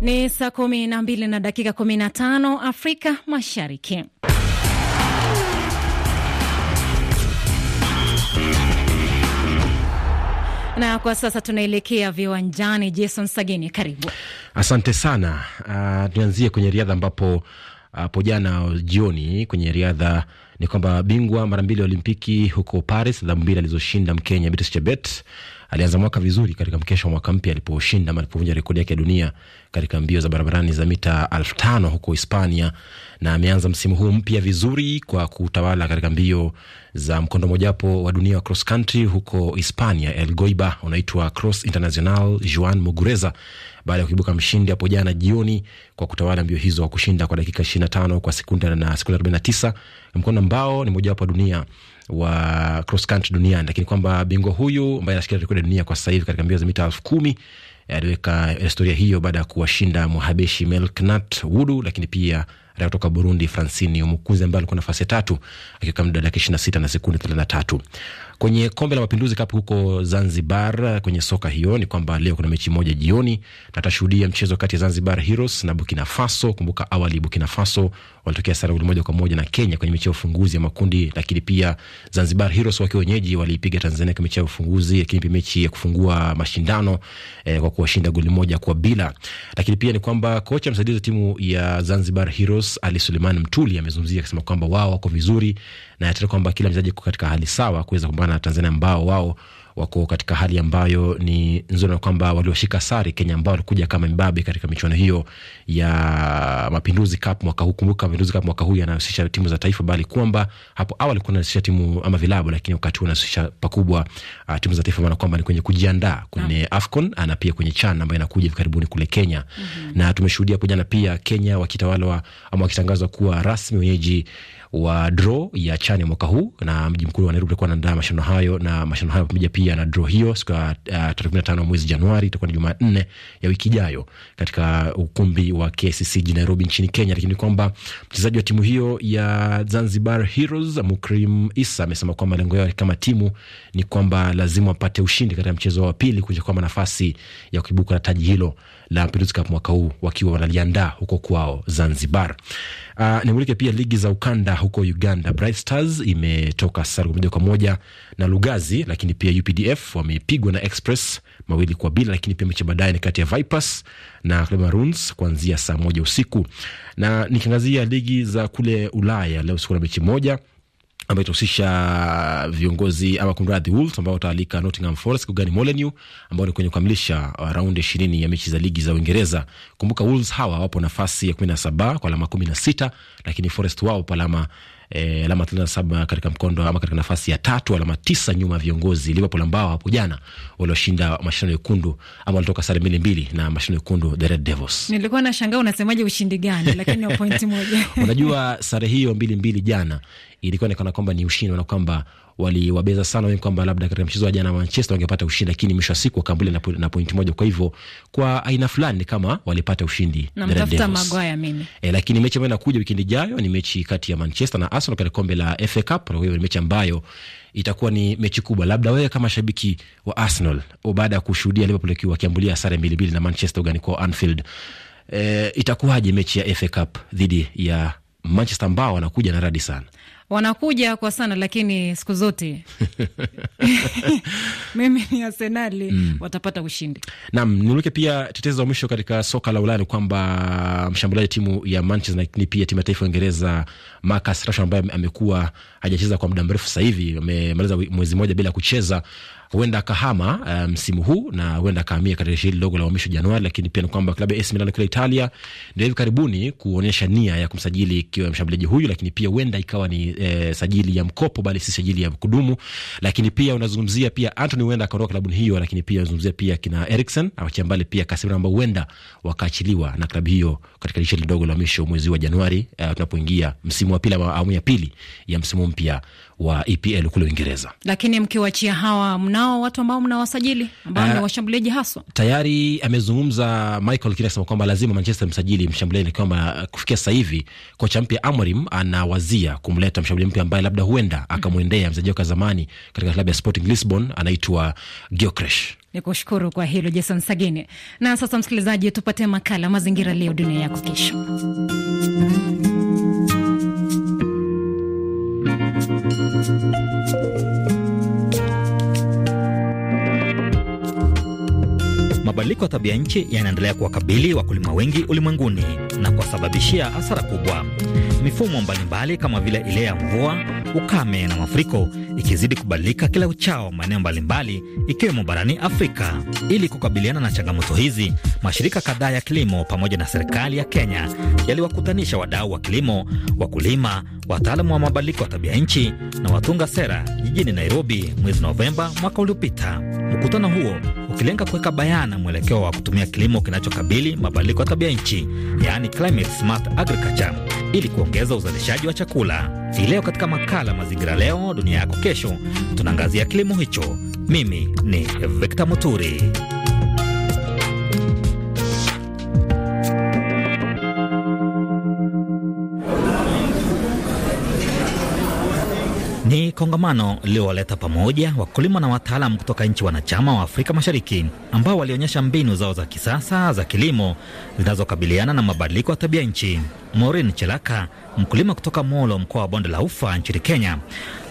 Ni saa kumi na mbili na dakika kumi na tano Afrika Mashariki. Na kwa sasa tunaelekea viwanjani. Jason Sagini, karibu. Asante sana. Uh, tuanzie kwenye riadha ambapo hapo jana jioni kwenye riadha ni kwamba bingwa mara mbili ya Olimpiki huko Paris, dhahabu mbili alizoshinda Mkenya Beatrice Chebet Alianza mwaka vizuri katika mkesha wa mwaka mpya aliposhinda ama alipovunja rekodi yake ya dunia katika mbio za barabarani za mita elfu tano huko Hispania, na ameanza msimu huu mpya vizuri kwa kutawala katika mbio za mkondo mojawapo wa dunia wa cross country huko Hispania, El Goiba unaitwa Cross International, Juan Mugureza, baada ya kuibuka mshindi hapo jana jioni kwa kutawala mbio hizo, kushinda kwa dakika 25 kwa sekunde na sekunde 49, mkondo ambao ni mojawapo wa dunia wa cross country duniani, lakini kwamba bingwa huyu ambaye anashikilia rekodi ya dunia kwa sasa hivi katika mbio za mita elfu kumi eh, aliweka historia hiyo baada ya kuwashinda Mhabeshi Melknat Wudu, lakini pia raia kutoka Burundi Francini Umukuzi ambaye alikuwa nafasi ya tatu akiweka muda dakika ishirini na sita na sekunde thelathini na tatu. Kwenye kombe la mapinduzi kapu huko Zanzibar, kwenye soka hiyo ni kwamba leo kuna mechi moja jioni na tashuhudia mchezo kati ya Zanzibar Heroes na Burkina Faso. Kumbuka awali Burkina Faso walitokea sare goli moja kwa moja na Kenya kwenye mechi ya ufunguzi ya makundi, lakini pia Zanzibar Heroes wakiwa wenyeji waliipiga Tanzania kwa mechi ya ufunguzi, lakini pia mechi ya kufungua mashindano eh, kwa kuwashinda goli moja kwa bila. Lakini pia ni kwamba kocha msaidizi wa timu ya Zanzibar Heroes Ali Suleiman Mtuli amezungumzia akisema kwamba wao wako vizuri na yatari kwamba kila mchezaji katika hali sawa kuweza kupambana na Tanzania ambao wao wako katika hali ambayo ni nzuri na kwamba walioshika sare Kenya ambao walikuja kama mbabe katika michuano hiyo ya Mapinduzi Cup mwaka huu. Kumbuka Mapinduzi Cup mwaka huu yanahusisha timu za taifa, bali kwamba hapo awali kuna nahusisha timu ama vilabu, lakini wakati huu anahusisha pakubwa uh, timu za taifa, maana kwamba ni kwenye kujiandaa kwenye AFCON ah, na pia kwenye CHAN ambayo inakuja hivi karibuni kule Kenya. mm -hmm. na tumeshuhudia hapo jana pia Kenya wakitawalwa ama wakitangazwa kuwa rasmi wenyeji wa draw ya chani mwaka huu, na mji mkuu wa Nairobi utakuwa anaandaa mashindano hayo, na mashindano hayo pamoja pia na draw hiyo siku ya uh, tarehe kumi na tano mwezi Januari, itakuwa ni Jumanne ya wiki ijayo katika ukumbi wa KCC jijini Nairobi nchini Kenya. Lakini kwamba mchezaji wa timu hiyo ya Zanzibar Heroes Mukrim Isa amesema kwamba lengo yao kama timu ni kwamba lazima wapate ushindi katika mchezo wa pili kuja kwamba nafasi ya kuibuka na taji hilo la Mapinduzi Cup mwaka huu wakiwa wanaliandaa huko kwao Zanzibar. Uh, nimulike pia ligi za ukanda huko Uganda. Bright Stars imetoka sare moja kwa moja na Lugazi, lakini pia UPDF wamepigwa na Express mawili kwa bila, lakini pia mechi baadaye ni kati ya Vipers na Club Maroons kuanzia saa moja usiku. Na nikiangazia ligi za kule Ulaya leo siku na mechi moja ambayo itahusisha viongozi ama kumradhi, Wolves ambao wataalika Nottingham Forest kugani Molineux, ambao ni kwenye kukamilisha uh, raundi ishirini ya mechi za ligi za Uingereza. Kumbuka Wolves hawa wapo nafasi ya kumi na saba kwa alama kumi na sita lakini Forest wao pa alama e, alama 37 katika mkondo ama katika nafasi ya tatu, alama tisa nyuma ya viongozi Liverpool ambao hapo jana walioshinda mashindano yekundu ama walitoka sare mbili mbili na mashindano yekundu the Red Devils. Nilikuwa nashangaa unasemaje ushindi gani, lakini ni pointi moja. Unajua sare hiyo mbili mbili jana ilikuwa inaonekana kwamba ni ushindi na kwamba waliwabeza sana wengi kwamba labda katika mchezo wa jana Manchester wangepata ushindi, lakini mwisho wa siku wakambulia na, na pointi moja. Kwa hivyo kwa aina fulani kama walipata ushindi, namtafuta Maguire mimi e, lakini mechi ambayo inakuja wikendi ijayo ni mechi kati ya Manchester na Arsenal katika kombe la FA Cup, na hiyo ni mechi ambayo itakuwa ni mechi kubwa. Labda wewe kama shabiki wa Arsenal, baada ya kushuhudia Liverpool ikiwa wakiambulia sare mbili mbili na Manchester kwa Anfield, e, itakuwaje mechi ya FA Cup dhidi ya Manchester ambao wanakuja na radi sana? wanakuja kwa sana, lakini siku zote mimi ni asenali mm. watapata ushindi. Naam, niluke pia tetezo wa mwisho katika soka la Ulaya ni kwamba mshambuliaji timu ya Manchester lakini pia timu ya taifa ya Uingereza Marcus Rashford ambaye amekuwa hajacheza kwa muda mrefu sasa hivi, amemaliza mwezi mmoja bila kucheza huenda akahama eh, msimu um, huu na huenda akahamia katika shiri dogo la uhamisho Januari, lakini pia ni kwamba klabu ya AC Milan kule Italia ndio hivi karibuni kuonyesha nia ya kumsajili ikiwa mshambuliaji huyu, lakini pia huenda ikawa ni eh, sajili ya mkopo bali si sajili ya kudumu. Lakini pia unazungumzia pia Antony huenda akaondoka klabuni hiyo, lakini pia unazungumzia pia kina Eriksen awachia mbali pia Casemiro ambao huenda wakaachiliwa na klabu hiyo katika shiri dogo la uhamisho mwezi wa Januari, uh, tunapoingia msimu wa pili ama awamu ya pili ya msimu mpya wa EPL kule Uingereza. Lakini mkiwachia hawa, mnao watu ambao mnawasajili ambao ah, ni washambuliaji haswa. Tayari amezungumza Michael Keane akisema kwamba lazima Manchester msajili mshambuliaji, kwamba kufikia sasa hivi kocha mpya Amorim anawazia kumleta mshambuliaji mpya ambaye labda huenda akamwendea mchezaji wa zamani katika klabu ya Sporting Lisbon anaitwa Gyökeres. Nikushukuru kwa hilo Jason Sagini. Na sasa msikilizaji, tupate makala mazingira leo dunia yako kesho. mabadiliko ya tabia nchi yanaendelea kuwakabili wakulima wengi ulimwenguni na kuwasababishia hasara kubwa. Mifumo mbalimbali kama vile ile ya mvua, ukame na mafuriko ikizidi kubadilika kila uchao maeneo mbalimbali ikiwemo barani Afrika. Ili kukabiliana na changamoto hizi, mashirika kadhaa ya kilimo pamoja na serikali ya Kenya yaliwakutanisha wadau wa kilimo, wakulima wataalamu wa mabadiliko ya tabia nchi na watunga sera jijini Nairobi mwezi Novemba mwaka uliopita. Mkutano huo ukilenga kuweka bayana mwelekeo wa kutumia kilimo kinachokabili mabadiliko ya tabia nchi, yaani climate smart agriculture, ili kuongeza uzalishaji wa chakula. Hii leo katika makala Mazingira Leo Dunia Yako Kesho tunaangazia kilimo hicho. Mimi ni Victor Muturi. Ni kongamano liliowaleta pamoja wakulima na wataalam kutoka nchi wanachama wa Afrika Mashariki ambao walionyesha mbinu zao za kisasa za kilimo zinazokabiliana na mabadiliko ya tabia nchi. Maureen Chelaka, mkulima kutoka Molo, mkoa wa Bonde la Ufa nchini Kenya,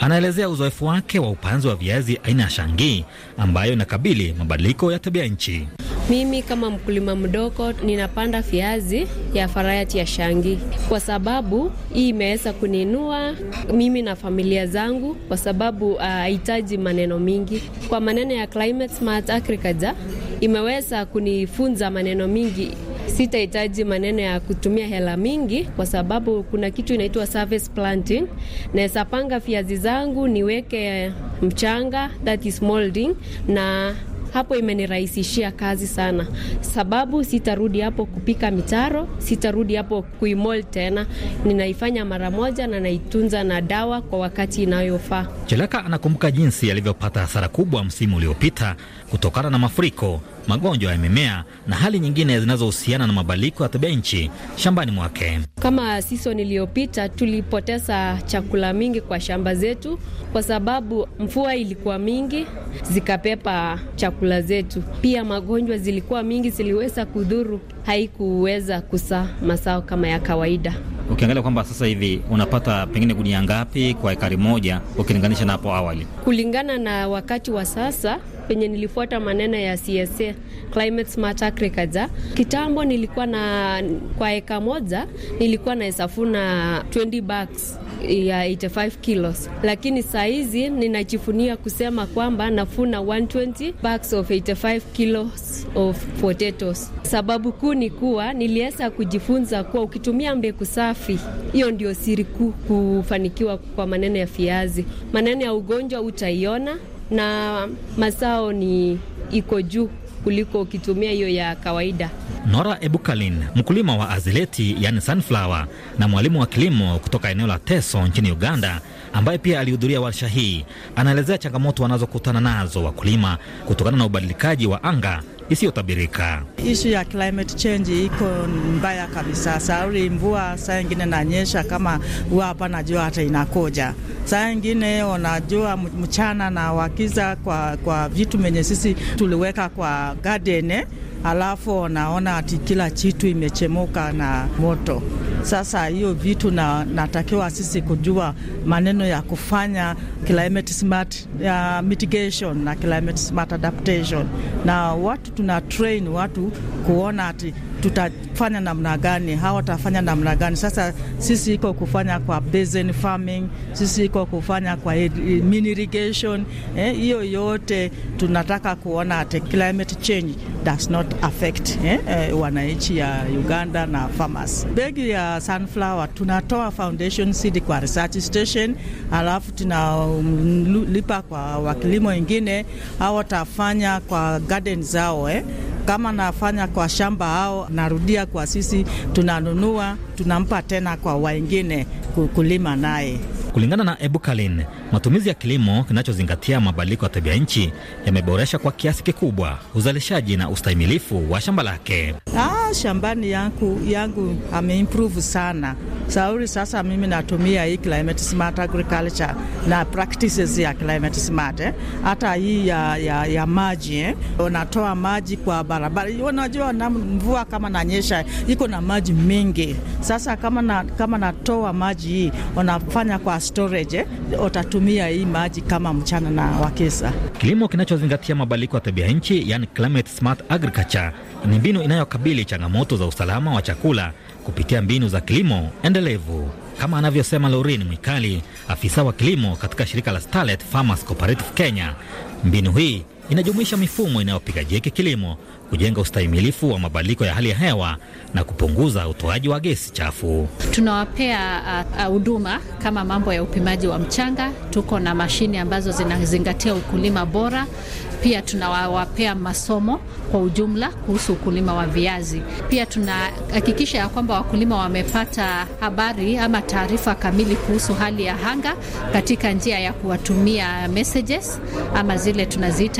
Anaelezea uzoefu wake wa upanzi wa viazi aina ya shangii ambayo inakabili mabadiliko ya tabia nchi. Mimi kama mkulima mdogo ninapanda viazi ya farayati ya shangi kwa sababu hii imeweza kuninua mimi na familia zangu, kwa sababu uh, haihitaji uh, maneno mingi. Kwa maneno ya climate smart agriculture imeweza kunifunza maneno mingi sitahitaji maneno ya kutumia hela mingi, kwa sababu kuna kitu inaitwa surface planting. Naweza panga viazi zangu niweke mchanga, that is molding, na hapo imenirahisishia kazi sana, sababu sitarudi hapo kupika mitaro, sitarudi hapo kuimol tena. Ninaifanya mara moja na naitunza na dawa kwa wakati inayofaa. Cheleka anakumbuka jinsi alivyopata hasara kubwa msimu uliopita kutokana na mafuriko, magonjwa ya mimea na hali nyingine zinazohusiana na mabadiliko ya tabia nchi shambani mwake. Kama season iliyopita, tulipoteza chakula mingi kwa shamba zetu kwa sababu mvua ilikuwa mingi, zikapepa chakula chakula zetu. Pia magonjwa zilikuwa mingi, ziliweza kudhuru, haikuweza kusaa masao kama ya kawaida. Ukiangalia kwamba sasa hivi unapata pengine gunia ngapi kwa ekari moja ukilinganisha na hapo awali, kulingana na wakati wa sasa penye nilifuata maneno ya CSA Climate Smart Agriculture. Kitambo nilikuwa na kwa eka moja nilikuwa na na 20 bags ya 85 kilos, lakini saa hizi ninajifunia kusema kwamba nafuna 120 bags of 85 kilos of potatoes. Sababu kuu ni kuwa niliweza kujifunza kuwa ukitumia mbegu safi, hiyo ndio siri kuu kufanikiwa kwa maneno ya viazi. Maneno ya ugonjwa utaiona na mazao ni iko juu kuliko ukitumia hiyo ya kawaida. Nora Ebukalin, mkulima wa azileti yani sunflower na mwalimu wa kilimo kutoka eneo la Teso nchini Uganda, ambaye pia alihudhuria warsha hii, anaelezea changamoto wanazokutana nazo wakulima kutokana na ubadilikaji wa anga isiyotabirika. Ishu ya climate change iko mbaya kabisa, sauri mvua saa ingine nanyesha kama huwa hapa, najua hata inakoja saa ingine unajua mchana na wakiza kwa, kwa vitu menye sisi tuliweka kwa gadene eh? alafu naona ati kila chitu imechemuka na moto sasa hiyo vitu na, natakiwa sisi kujua maneno ya kufanya climate smart uh, mitigation na climate smart adaptation, na watu tuna train watu kuona ati tutafanya namna gani, watafanya namna gani. Sasa sisi iko kufanya kwa basin farming, sisi iko kufanya kwa mini irrigation eh, hiyo eh, yote tunataka kuona ati climate change does not affect eh, eh, wananchi ya Uganda na farmers. Begi ya Sunflower tunatoa foundation seed kwa research station, alafu tunalipa kwa wakilimo wengine, au watafanya kwa garden zao eh. Kama nafanya kwa shamba au narudia kwa sisi, tunanunua tunampa tena kwa wengine kulima naye. Kulingana na Ebukalin, matumizi ya kilimo kinachozingatia mabadiliko ya tabia nchi yameboresha kwa kiasi kikubwa uzalishaji na ustahimilifu wa shamba lake. Ah, shambani yangu, yangu ameimprove sana sauri. Sasa mimi natumia hii climate smart agriculture na practices ya climate smart eh. Hata hii ya, ya, ya maji eh. Unatoa maji kwa barabara, unajua na mvua kama nanyesha iko na maji mengi. Sasa kama, na, kama natoa maji hii unafanya kwa storage, eh, watatumia hii maji kama mchana na wakesa. Kilimo kinachozingatia mabadiliko ya tabia nchi, yani climate smart agriculture, ni mbinu inayokabili changamoto za usalama wa chakula kupitia mbinu za kilimo endelevu kama anavyosema Lorin Mwikali, afisa wa kilimo katika shirika la Starlet Farmers Cooperative Kenya. Mbinu hii inajumuisha mifumo inayopiga jeki kilimo, kujenga ustahimilifu wa mabadiliko ya hali ya hewa na kupunguza utoaji wa gesi chafu. Tunawapea huduma uh, uh, kama mambo ya upimaji wa mchanga. Tuko na mashine ambazo zinazingatia ukulima bora pia tunawapea masomo kwa ujumla kuhusu ukulima wa viazi. Pia tunahakikisha ya kwamba wakulima wamepata habari ama taarifa kamili kuhusu hali ya anga katika njia ya kuwatumia messages ama zile tunaziita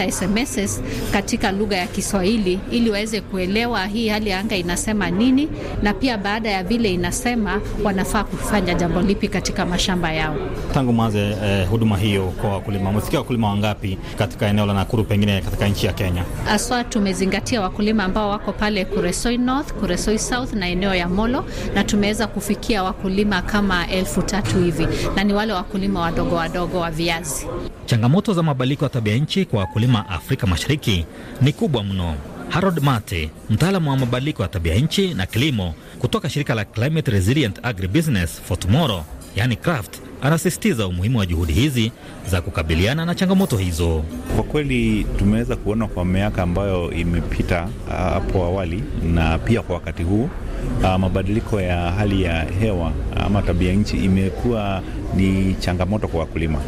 katika lugha ya Kiswahili ili waweze kuelewa hii hali ya anga inasema nini, na pia baada ya vile inasema wanafaa kufanya jambo lipi katika mashamba yao. Tangu mwanze eh, huduma hiyo kwa wakulima, mefikia wakulima wangapi katika eneo la Nakuru? pengine katika nchi ya Kenya. Aswa tumezingatia wakulima ambao wako pale Kuresoi North, Kuresoi South na eneo ya Molo, na tumeweza kufikia wakulima kama elfu tatu hivi, na ni wale wakulima wadogo wadogo wa viazi. Changamoto za mabadiliko ya tabia nchi kwa wakulima Afrika Mashariki ni kubwa mno. Harold Mate, mtaalamu wa mabadiliko ya tabia nchi na kilimo kutoka shirika la Climate Resilient Agribusiness for Tomorrow, yani CRAFT, anasisitiza umuhimu wa juhudi hizi za kukabiliana na changamoto hizo. Kwa kweli tumeweza kuona kwa miaka ambayo imepita ah, hapo awali na pia kwa wakati huu a, ah, mabadiliko ya hali ya hewa ama tabia nchi imekuwa ni changamoto kwa wakulima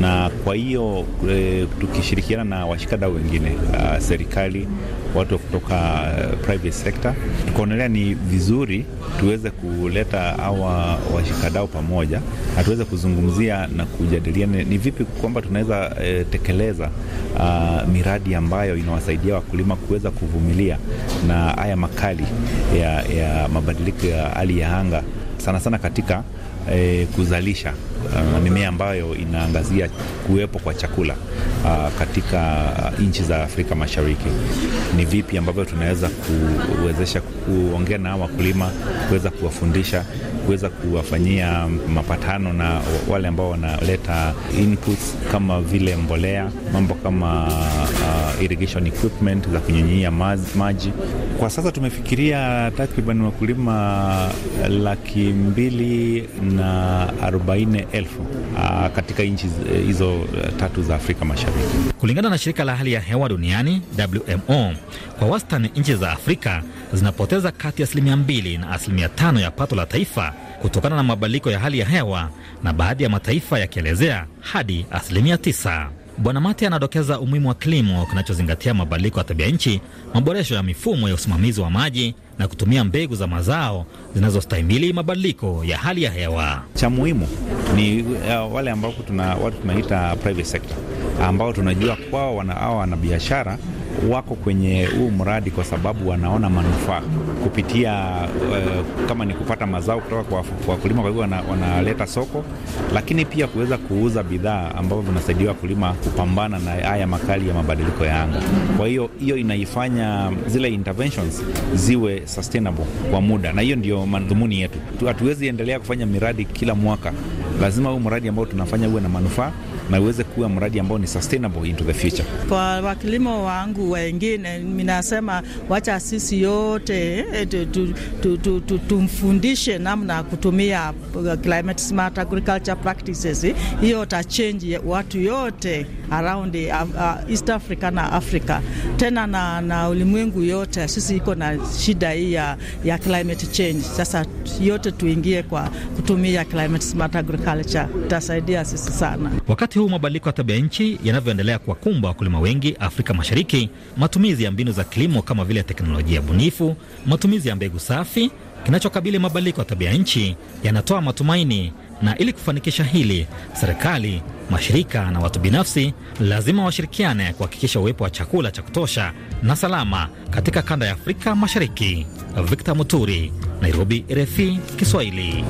na kwa hiyo e, tukishirikiana na washikadau wengine a, ah, serikali, watu wa kutoka eh, private sector, tukaonelea ni vizuri tuweze kuleta hawa washikadau pamoja na tuweze kuzungumzia na kujadiliana ni vipi kwamba tunaweza e, tekeleza a, ah, miradi ambayo inawasaidia wakulima kuweza kuvumilia na haya makali ya, ya mabadiliko ya hali ya anga sana sana katika e, kuzalisha na uh, mimea ambayo inaangazia kuwepo kwa chakula uh, katika uh, nchi za Afrika Mashariki. Ni vipi ambavyo tunaweza kuwezesha kuongea na wakulima, kuweza kuwafundisha, kuweza kuwafanyia mapatano na wale ambao wanaleta inputs kama vile mbolea, mambo kama uh, irrigation equipment za kunyunyia maji. Kwa sasa tumefikiria takriban wakulima uh, laki mbili na arobaini elfu uh, katika nchi eh, hizo uh, tatu za Afrika Mashariki, kulingana na shirika la hali ya hewa duniani WMO. Kwa wastani nchi za Afrika zinapoteza kati ya asilimia mbili na asilimia tano ya pato la taifa kutokana na mabadiliko ya hali ya hewa, na baadhi ya mataifa yakielezea hadi asilimia tisa. Bwana Mate anadokeza umuhimu wa kilimo kinachozingatia mabadiliko ya tabia nchi, maboresho ya mifumo ya usimamizi wa maji na kutumia mbegu za mazao zinazostahimili mabadiliko ya hali ya hewa. Cha muhimu ni uh, wale ambao tuna watu tunaita private sector ambao tunajua kwao wana hawa wana biashara wako kwenye huu mradi kwa sababu wanaona manufaa kupitia uh, kama ni kupata mazao kutoka kwa wakulima, kwa hivyo wana, wanaleta soko, lakini pia kuweza kuuza bidhaa ambavyo vinasaidia wakulima kupambana na haya makali ya mabadiliko ya anga. Kwa hiyo hiyo inaifanya zile interventions ziwe sustainable kwa muda, na hiyo ndio madhumuni yetu. Hatuwezi endelea kufanya miradi kila mwaka, lazima huu mradi ambao tunafanya uwe na manufaa na iweze kuwa mradi ambao ni sustainable into the future. Kwa wakilimo wangu wengine, minasema wacha sisi yote eh, tumfundishe namna ya kutumia uh, climate smart agriculture practices. Hiyo itachange watu yote around uh, uh, East Africa na Africa tena na, na ulimwengu yote. Sisi iko na shida hii ya, ya climate change. Sasa yote tuingie kwa kutumia climate smart agriculture, itasaidia sisi sana wakati Wakati huu mabadiliko ya tabia nchi yanavyoendelea kuwakumba wakulima wengi Afrika Mashariki, matumizi ya mbinu za kilimo kama vile teknolojia bunifu, matumizi ya mbegu safi kinachokabili mabadiliko ya tabia nchi yanatoa matumaini, na ili kufanikisha hili, serikali, mashirika na watu binafsi lazima washirikiane kuhakikisha uwepo wa chakula cha kutosha na salama katika kanda ya Afrika Mashariki. Victor Muturi, Nairobi, RFI Kiswahili.